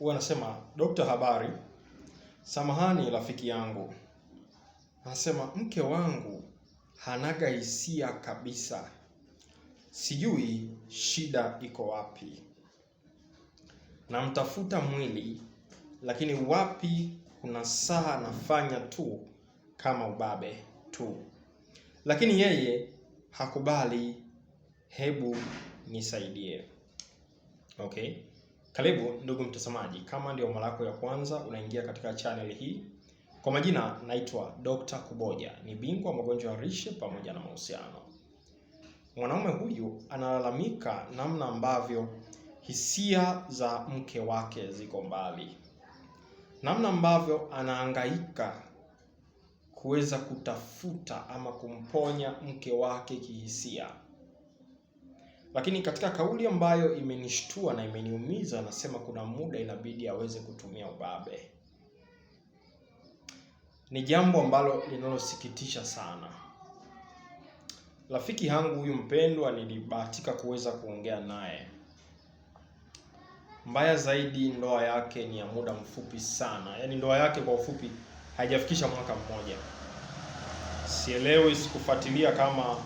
huwa anasema dokta, habari. Samahani rafiki yangu, anasema mke wangu hanaga hisia kabisa, sijui shida iko wapi. Namtafuta mwili, lakini wapi kuna saa nafanya tu kama ubabe tu, lakini yeye hakubali. Hebu nisaidie. Okay. Karibu ndugu mtazamaji, kama ndio mara yako ya kwanza unaingia katika channel hii, kwa majina naitwa Dr. Kuboja, ni bingwa magonjwa ya lishe pamoja na mahusiano. Mwanaume huyu analalamika namna ambavyo hisia za mke wake ziko mbali, namna ambavyo anahangaika kuweza kutafuta ama kumponya mke wake kihisia lakini katika kauli ambayo imenishtua na imeniumiza, anasema kuna muda inabidi aweze kutumia ubabe. Ni jambo ambalo linalosikitisha sana. Rafiki yangu huyu mpendwa, nilibahatika kuweza kuongea naye. Mbaya zaidi, ndoa yake ni ya muda mfupi sana, yaani ndoa yake kwa ufupi haijafikisha mwaka mmoja. Sielewi, sikufuatilia kama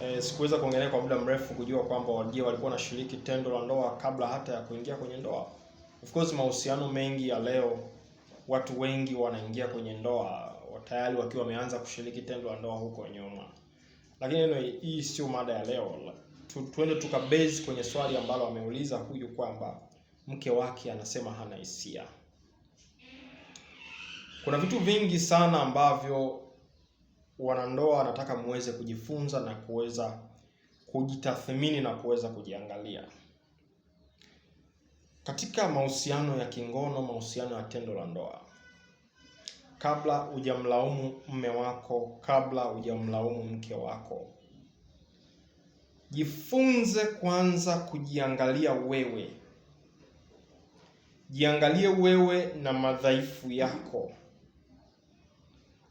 e, sikuweza kuongelea kwa muda mrefu kujua kwamba ndio walikuwa wanashiriki tendo la ndoa kabla hata ya kuingia kwenye ndoa. Of course mahusiano mengi ya leo, watu wengi wanaingia kwenye ndoa tayari wakiwa wameanza kushiriki tendo la ndoa huko nyuma, lakini neno hii sio mada ya leo. Tu, tuende tukabase kwenye swali ambalo ameuliza huyu kwamba mke wake anasema hana hisia. Kuna vitu vingi sana ambavyo wanandoa anataka muweze kujifunza na kuweza kujitathmini na kuweza kujiangalia katika mahusiano ya kingono, mahusiano ya tendo la ndoa. Kabla hujamlaumu mme wako, kabla hujamlaumu mke wako, jifunze kwanza kujiangalia wewe. Jiangalie wewe na madhaifu yako,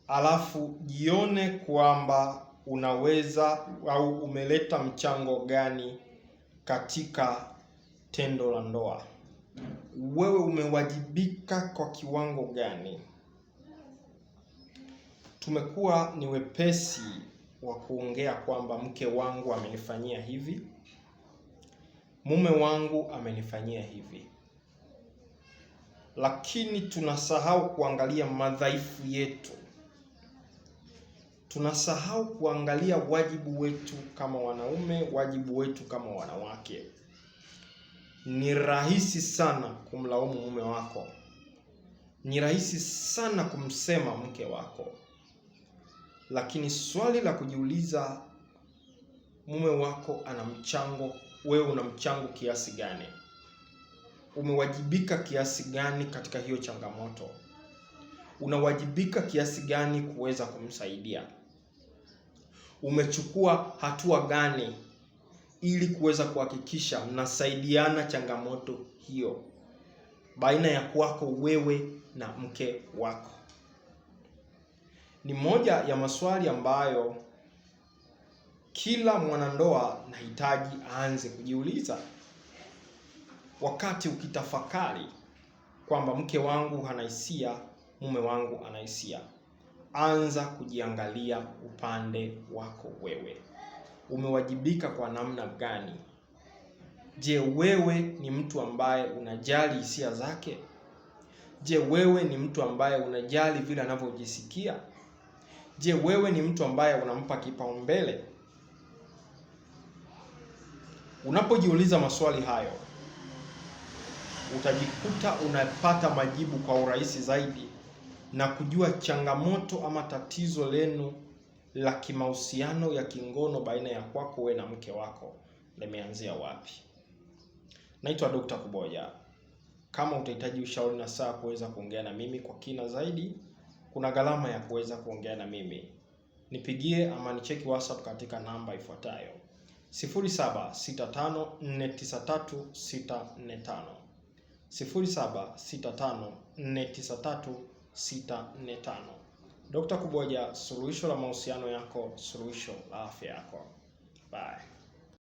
alafu jione kwamba unaweza au umeleta mchango gani katika tendo la ndoa. Wewe umewajibika kwa kiwango gani? Tumekuwa ni wepesi wa kuongea kwamba mke wangu amenifanyia hivi, mume wangu amenifanyia hivi, lakini tunasahau kuangalia madhaifu yetu tunasahau kuangalia wajibu wetu kama wanaume, wajibu wetu kama wanawake. Ni rahisi sana kumlaumu mume wako, ni rahisi sana kumsema mke wako, lakini swali la kujiuliza, mume wako ana mchango, wewe una mchango kiasi gani? Umewajibika kiasi gani katika hiyo changamoto? Unawajibika kiasi gani kuweza kumsaidia? umechukua hatua gani ili kuweza kuhakikisha mnasaidiana changamoto hiyo baina ya kwako wewe na mke wako. Ni moja ya maswali ambayo kila mwanandoa nahitaji aanze kujiuliza wakati ukitafakari kwamba mke wangu anahisia mume wangu anahisia anza kujiangalia upande wako wewe, umewajibika kwa namna gani? Je, wewe ni mtu ambaye unajali hisia zake? Je, wewe ni mtu ambaye unajali vile anavyojisikia? Je, wewe ni mtu ambaye unampa kipaumbele? Unapojiuliza maswali hayo, utajikuta unapata majibu kwa urahisi zaidi na kujua changamoto ama tatizo lenu la kimahusiano ya kingono baina ya kwako wewe na mke wako limeanzia wapi. Naitwa Dr. Kuboja. Kama utahitaji ushauri na saa kuweza kuongea na mimi kwa kina zaidi, kuna gharama ya kuweza kuongea na mimi. Nipigie ama nicheki WhatsApp katika namba ifuatayo: 0765493645, 0765493645 645. Dr. Kuboja, suluhisho la mahusiano yako, suluhisho la afya yako. Bye.